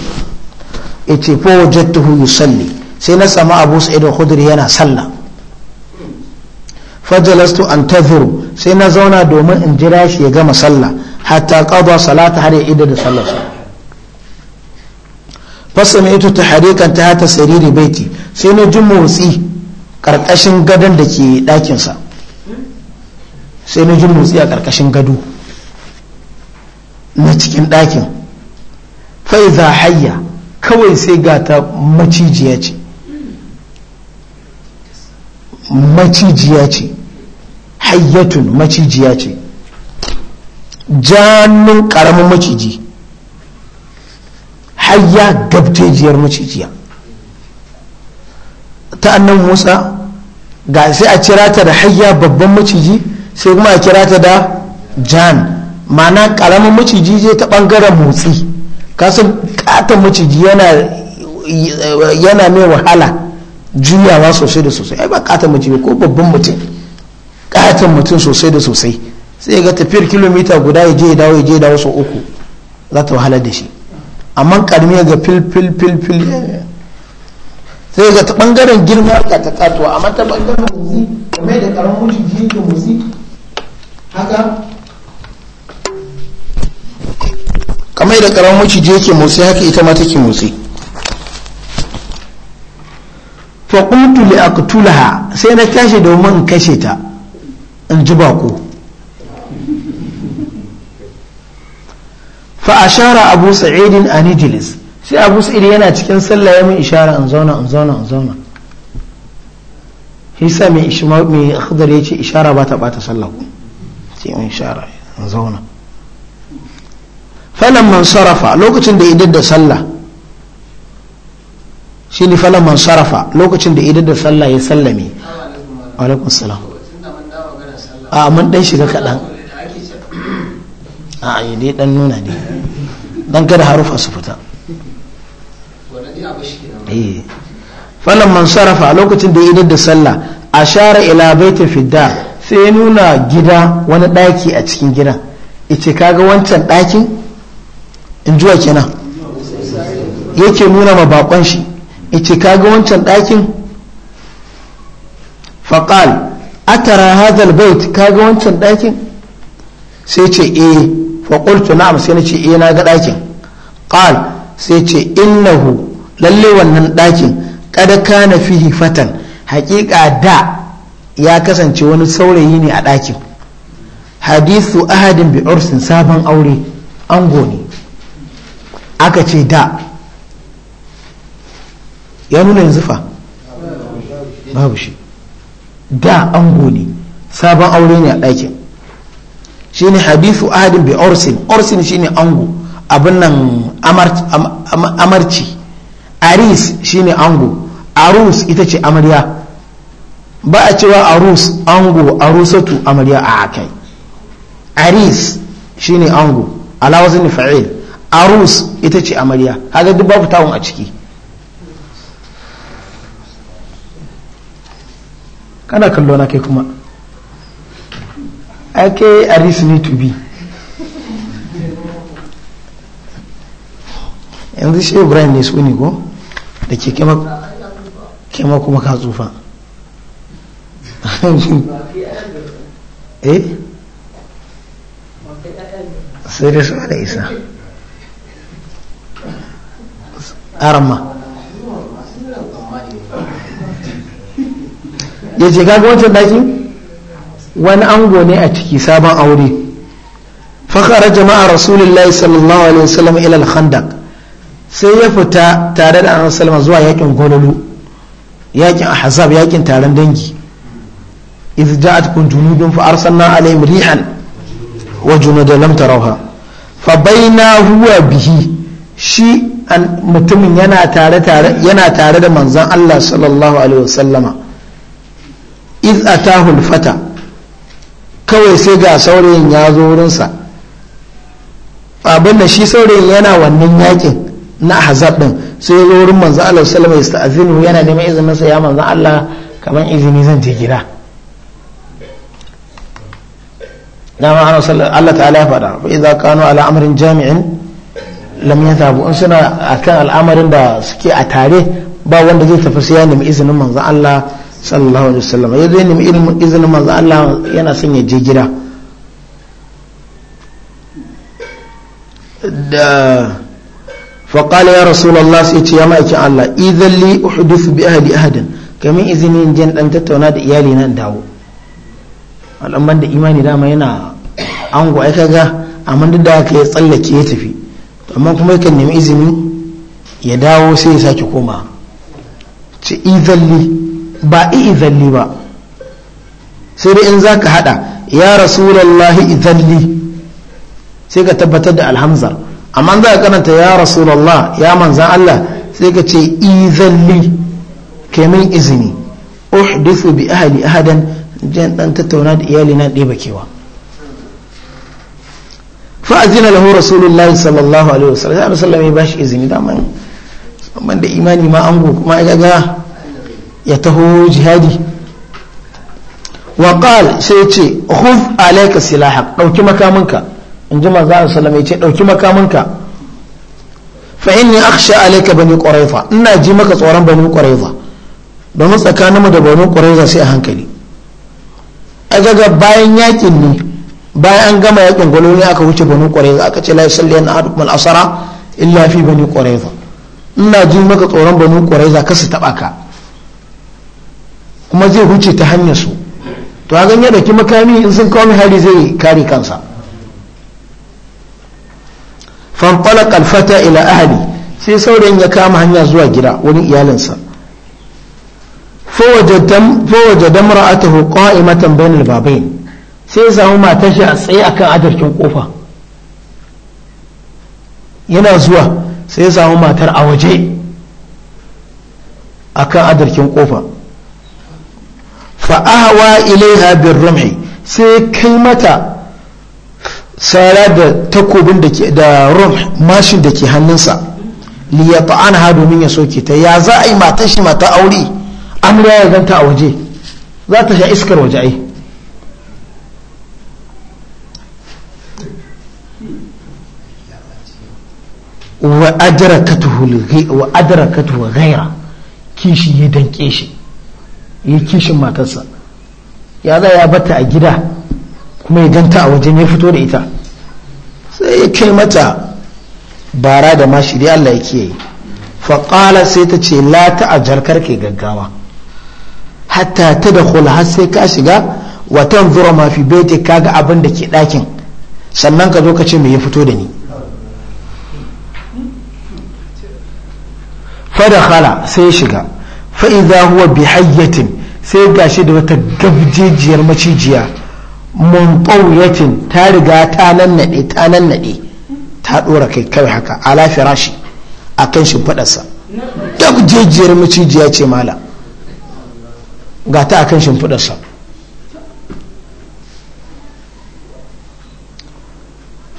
Speaker 1: yace fa wajadtuhu yusalli sai na samu abu sa'id idan khudri yana sallah fajalastu antazuru sai na zauna domin in jira shi ya gama sallah hatta qada salata har ya ido da salla sa fasami'tu tahrikan ta hata sariri baiti sai na ji motsi karkashin gadon da ke dakin sai na ji motsi a karkashin gado na cikin dakin fa hayya kawai sai gata ta macijiya ce macijiya ce hayyatun macijiya ce janin karamin maciji hayya gabtejiyar macijiya ta annan musa ga sai a kira da hayya babban maciji sai kuma a kira ta da jan ma'ana karamin maciji je ta bangaren motsi kasu kata maciji yana mai wahala juyawa sosai da sosai ai ba katon mutum ko babban mutum katon mutum sosai da sosai sai ga tafiyar kilomita guda ya je ya dawo ya je ya dawo sau uku za ta wahalar da shi amma karmiya ga fil fil fil fil sai ga ta bangaren girma ka ta katuwa amma ta bangaren musi kuma da karamin shi ke musi haka kamar da karamin maciji ke motsi haka ita ma take motsi fa aka li aqtulaha sai na tashi domin in kashe ta in ji bako fa a Shara abu sa'idin a ijlis sai abu sa'id yana cikin sallah ya min ishara in zauna in zauna in zauna hisa mai ishma mai akhdar yace ishara ba ta bata sallah ko sai in ishara in zauna falan man sarafa lokacin da ya da sallah shi ne falamman sharafa lokacin da idan da sallah ya sallame alaikun salam a mun dan shiga kaɗan a yi dai dan nuna ne ɗan kada harufa su fita eh. falamman sharafa lokacin da idan da sallah a share ila baitin fidda sai ya nuna gida wani ɗaki a cikin gidan ita kaga wancan ɗakin in juwa kenan yake nuna ma bakon shi ice kaga wancan ɗakin faƙal tara hadal bait kaga wancan ɗakin sai ce eh faƙultu na'am sai na ce eh na ga ɗakin ƙal sai ce innahu lalle wannan ɗakin kada na fihi fatan haƙiƙa da ya kasance wani saurayi ne a ɗakin hadithu ahadin bi sabon aure an goni aka ce da ya nuna yanzu fa babu shi da an ne sabon aure ne a ɗakin shi ne hadithu ahadin bi orsin orsin shi ne ango abin nan amarci aris shi ne ango arus ita ce amarya ba a cewa arus ango arusatu amarya a kai aris shi ne ango alawazin fa'il arus ita ce amarya haka duk babu tawon a ciki kana kallo na kai kuma ake a risini to be yanzu shi ibrahim ne su ne ko da ke kema kuma ka tsufa [laughs] eh sai da shi da isa arama ya ce kaga wancan ɗakin wani ango ne a ciki sabon aure fakara jama'a rasulullahi sallallahu alaihi wasallam ila al-khandaq sai ya fita tare da annabi sallallahu zuwa yakin gololo yakin ahzab yakin taron dangi idh ja'at kun junudun fa arsalna alaihim rihan wa junudan lam tarawha fa baina huwa bihi shi mutumin yana tare tare yana tare da manzon Allah sallallahu alaihi wasallama iz atahul fata kawai sai ga saurayin ya zo wurinsa abinda da shi saurayin yana wannan yakin na hazard din sai zo wurin manzo Allah sallallahu alaihi wasallam yana neman izinin sa ya manzo Allah kaman izini zan je gida dama ana sallallahu Allah ta'ala ya fada fa idza kanu ala amrin jami'in lam yathabu in suna akan al'amarin da suke a tare ba wanda zai tafi sai ya nemi izinin manzo Allah sallallahu alaihi wasallam ya zai nemi ilimin izinin manzo Allah yana son ya je gida da faƙala ya rasulallah sai ce ya ma'aikin Allah idan li su bi ahli ahadin kamin izinin jin dan tattauna da iyali nan dawo al'amman da imani dama yana ango ai kaga amma duk da haka ya tsallake ya tafi amma kuma yakan nemi izini ya dawo sai ya sake koma ce idan li ba i'izalli ba sai dai in za ka haɗa ya rasulallahi izalli sai ka tabbatar da alhamzar amma za ka karanta ya rasulallah ya manzan Allah sai ka ce izalli kemin izini uhdithu bi ahli ahadan jan dan tattauna da iyali na ɗeba kewa fa'azina lahu rasulullahi sallallahu alaihi wasallam ya rasulullahi ya bashi izini da man da imani ma ango kuma ya ga ya taho jihadi waƙal sai ce huf alaika silaha ɗauki makaminka in ji maza a salama ya ce ɗauki makaminka fa in ni aksha alaika bani quraifa ina ji maka tsoron bani quraifa domin tsakaninmu da bani quraifa sai a hankali a gaga bayan yakin ne bayan an gama yakin gwaloli aka wuce bani quraifa aka ce la yusalli an ahadukum al-asara illa fi bani quraifa ina ji maka tsoron bani quraifa kasu taɓa ka kuma zai huce ta hanyar su to hagan ya dauki makami in sun kawo hari zai kare kansa fanfalak kalfata ila ahali sai saurayin ya kama hanya zuwa gida wani iyalinsa fawaje damra a taho ƙa'imatan bainal babain sai samu shi a tsaye akan adarkin kofa yana zuwa sai samu matar a waje akan adarkin kofa fa'awa ilaiha bin rumhi sai kai mata sara da takobin da rum mashin da ke hannunsa liyata an ha domin ya soke ta ya za a yi matan shi mata aure amurya ya ganta a waje za ta sha iskar waje ai wa adarakatu ghaira kishi ya danke shi yi kishin matarsa ya za ya bata a gida kuma ya ganta a wajen ya fito da ita sai ya kai mata bara da mashi dai Allah ya kiyaye faƙala sai ta ce la jarkar ke gaggawa hatta ta da har sai ka shiga watan zura mafi bete kaga abin da ke ɗakin sannan ka zo ka ce mai ya fito da ni fada khala sai ya shiga fa'iza huwa bi sai gashi da wata gabjejiyar macijiya yakin ta riga ta nan naɗe ta nan naɗe ta ɗora kai kawai haka ala firashi a kan shimfiɗarsa gabjejiyar macijiya ce mala ga ta a kan shimfiɗarsa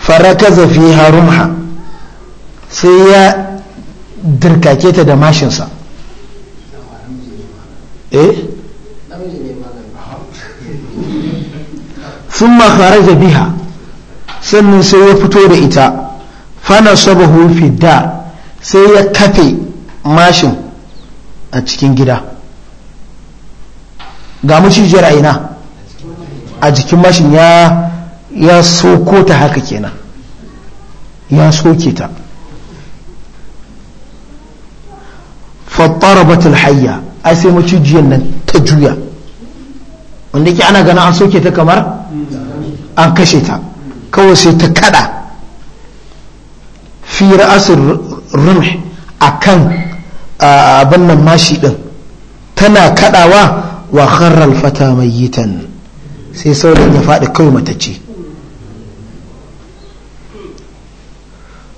Speaker 1: zafi fi harumha sai ya dirkake ta da mashinsa eh sun kharaja biha sannan sai ya fito da ita fana sabahu fi dar sai ya kafe mashin a cikin gida ga macijiyar aina a jikin mashin ya ya soko ta haka kenan ya soke ta fattara batul hayya ai sai macijiyar nan ta juya wanda yake ana gana an soke ta kamar an kashe ta kawai sai ta kada fi ra'asir rumh akan abin nan mashi din tana kadawa wa kharral fata mayyitan sai saurin ya faɗi kawai matacce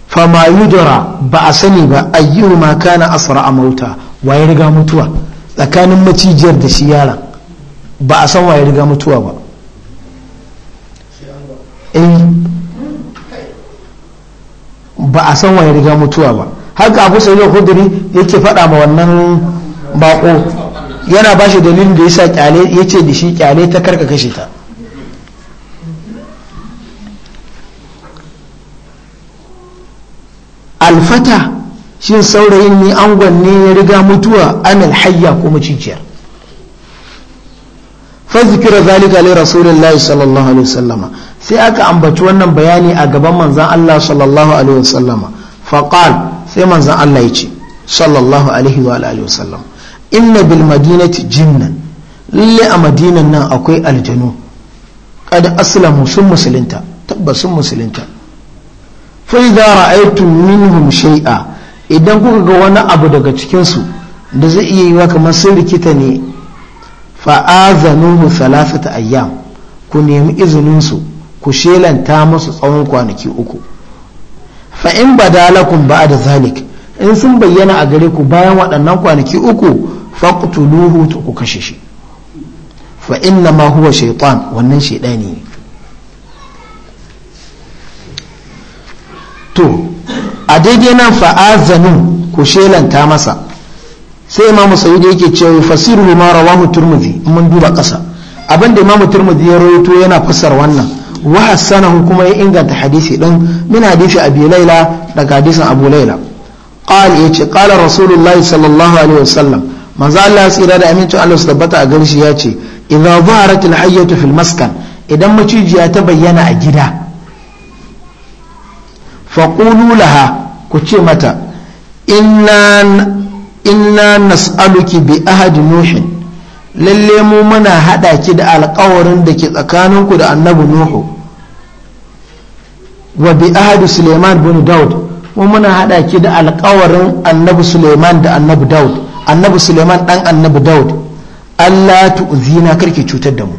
Speaker 1: fama yudura ba a sani ba ayyuhu ma kana asara a mauta waye riga mutuwa tsakanin macijiyar da shi yaron ba a san waye riga mutuwa ba eh. ba a san waye riga mutuwa ba ka abu sai yau kudiri yake faɗa ma wannan bako yana ba shi dalilin da yasa kyale ya da shi kyale ta karka kashe ta alfata shin saurayin ni angon ne ya riga mutuwa anil hayya ko macinciyar fa zalika li rasulillahi sallallahu alaihi wasallama sai aka ambaci wannan bayani a gaban manzon Allah sallallahu alaihi wasallama fa qal sai manzan Allah ya ce sallallahu alaihi wa alihi wasallam inna bil madinati jinnan lalle a madinan nan akwai aljanu kad aslamu sun musulunta tabbas sun musulunta fa idza ra'aytum minhum shay'a idan kuka ga wani abu daga cikin su da zai iya yi wa kamar sun rikita ne fa'azanuhu salasata ayyam ku nemi izininsu ku shelanta musu tsawon kwanaki uku fa'in badalakum ba da zalik in sun bayyana a gare ku bayan waɗannan kwanaki uku faqtuluhu to ku kashe shi fa inna ma huwa shaytan wannan shaydani ne to a daidai nan fa'azanu ku shelanta masa sai imamu sa'id yake cewa fasiru ma rawahu turmudi mun duba kasa abin da imamu turmudi ya rawaito yana fassar wannan wa hasanahu kuma ya inganta hadisi din min hadisi abi laila daga hadisin abu laila qal yace qala rasulullahi sallallahu alaihi wasallam manzo Allah ya tsira da aminci Allah su tabbata a gare shi yace idza zaharat alhayyatu fil maskan idan macijiya ta bayyana a gida faqulu laha ku ce mata inna inna nas'aluki bi ahadi nuhin lalle mu muna hada ki da alƙawarin da ke tsakaninku da annabi nuhu wa bi ahadi suleiman bin daud mu muna hada ki da alƙawarin annabi suleiman da annabi daud annabi suleiman dan annabi daud allah tu'zina karki cutar da mu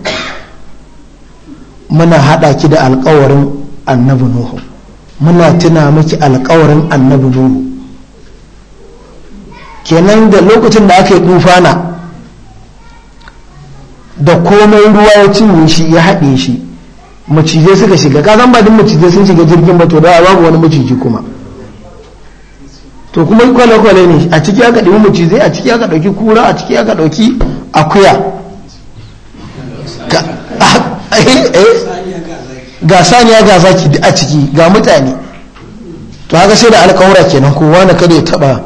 Speaker 1: muna hada ki da alƙawarin annabi nuhu muna tuna miki alƙawarin annabi nuhu kenan da lokacin da aka yi tufana da komai ruwa ya cinye shi ya haɗe shi macijai suka shiga kazan ba din macijai sun shiga jirgin ba to da babu wani maciji kuma to kuma kwale-kwale ne a ciki aka ɗauki macizai a ciki aka ɗauki kura a ciki aka ɗauki akuya [laughs] eh, eh, ga saniya ga zaki a ciki ga mutane to haka sai da alƙawura kenan kowa na kada ya taɓa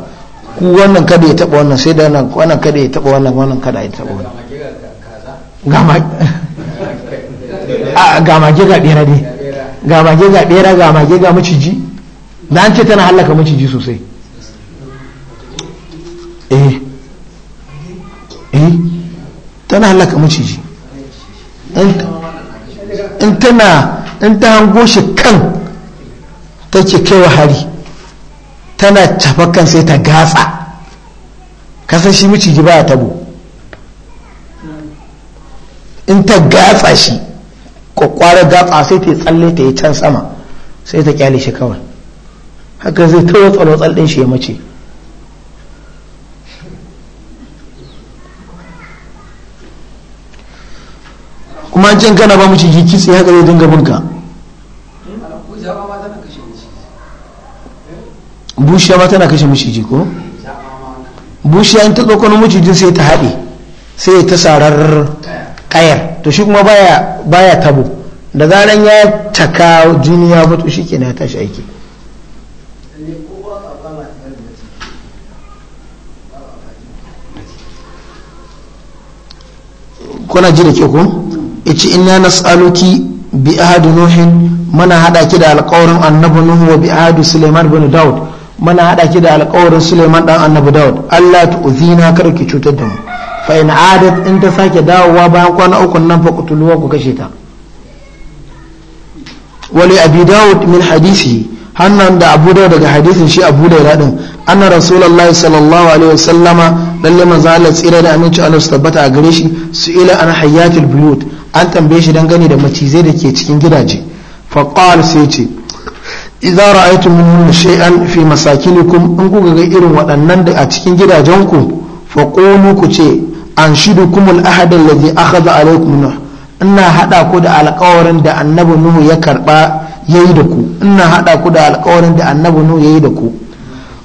Speaker 1: ku wannan kada ya taba wannan sai da wannan kada ya taba wannan wannan kada ya taba wannan gama ga mage ga bera dai ga mage ga bera ga mage ga maciji da an ce tana hallaka maciji sosai eh eh tana hallaka maciji in tana in ta hango shi kan ta ce kai wa hari tana tafakan sai ta gatsa kasan shi miciji ba ya tabo in ta gatsa shi kwakwarar gatsa sai ta yi tsalle ta yi can sama sai ta kyale shi kawai haka zai ta watsalo tsallin shi ya mace kuma jin cin kana ba miciji kitse haka zai dinga bunka. bushiya ma tana kashe maciji ko bushiya in ta ɗauko macijin sai ta haɗe sai ta sarar ƙayar to shi kuma baya tabo da zaran ya taka jini ya fito shi na ya tashi aiki kuna ji da ke ku ici ina tsaloki bi ahadu nuhin mana hada ki da alkawarin annabi nuhu wa bi ahadu suleiman bin daud mana hada ki da alƙawarin Suleiman dan Annabi Dawud Allah uzina kar ki cutar da mu fa in adat in ta sake dawowa bayan kwana uku nan fa kutuluwa ku kashe ta wali abi Dawud min hadisi hannan da Abu Dawud daga hadisin shi Abu Dawud radin anna Rasulullah sallallahu alaihi wasallama lalle manzo Allah tsira da aminci Allah su tabbata a gare shi su ila an hayatul buyut an tambaye shi dangane da macizai da ke cikin gidaje fa qala sai ce idza ra'aytum minhunna shay'an fi masakinikum in kuka ga irin waɗannan da a cikin gidajenku fa qulu ku ce anshidukum al-ahad alladhi akhadha alaykum nuh ina hada ku da alƙawarin da annabi nuhu ya karba yayi da ku ina hada ku da alƙawarin da annabi nuhu yayi da ku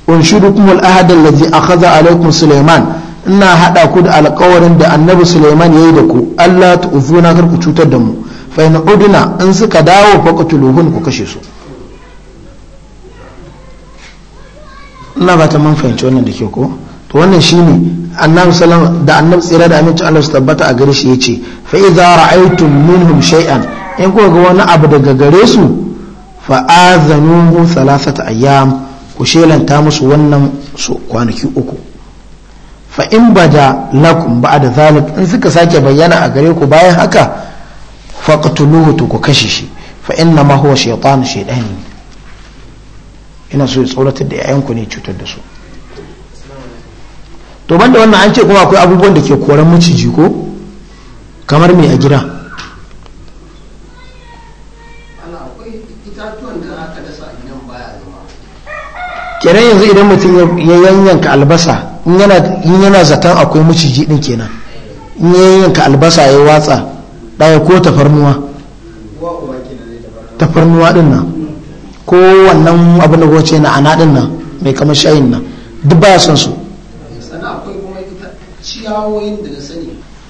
Speaker 1: unshidukum al-ahad alladhi akhadha alaykum sulaiman ina hada ku da alƙawarin da annabi sulaiman yayi da ku Allah tu'zuna na ku cutar da mu fa in udna in suka dawo faqtuluhun ku kashe su ina ba ta man fahimci wannan da ke ko to wannan shine annabi sallam da annabi tsira da aminci Allah su tabbata a gare shi yace fa idza ra'aytum minhum shay'an in ko ga wani abu daga gare su fa azanuhu thalathata ayyam ku shelanta musu wannan su kwanaki uku fa in bada lakum da zalik in suka sake bayyana a gare ku bayan haka faqtuluhu to ku kashe shi fa inna ma huwa shaytan shaytani ina so ya tsoratar da 'ya'yanku ne cutar da su to ban da wannan an ce kuma akwai abubuwan da ke koren maciji ko kamar mai a gida kenan yanzu idan mutum ya yanyanka albasa in yana zaton akwai maciji din kenan in ya yanyanka albasa ya watsa daya ko tafarnuwa tafarnuwa din nan ko wannan abin da kuma na ana din nan mai kamar shayin nan duk baya son su akwai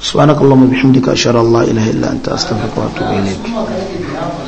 Speaker 1: subhanakallahumma bihamdika ashhadu an la ilaha illa anta astaghfiruka wa atubu اليك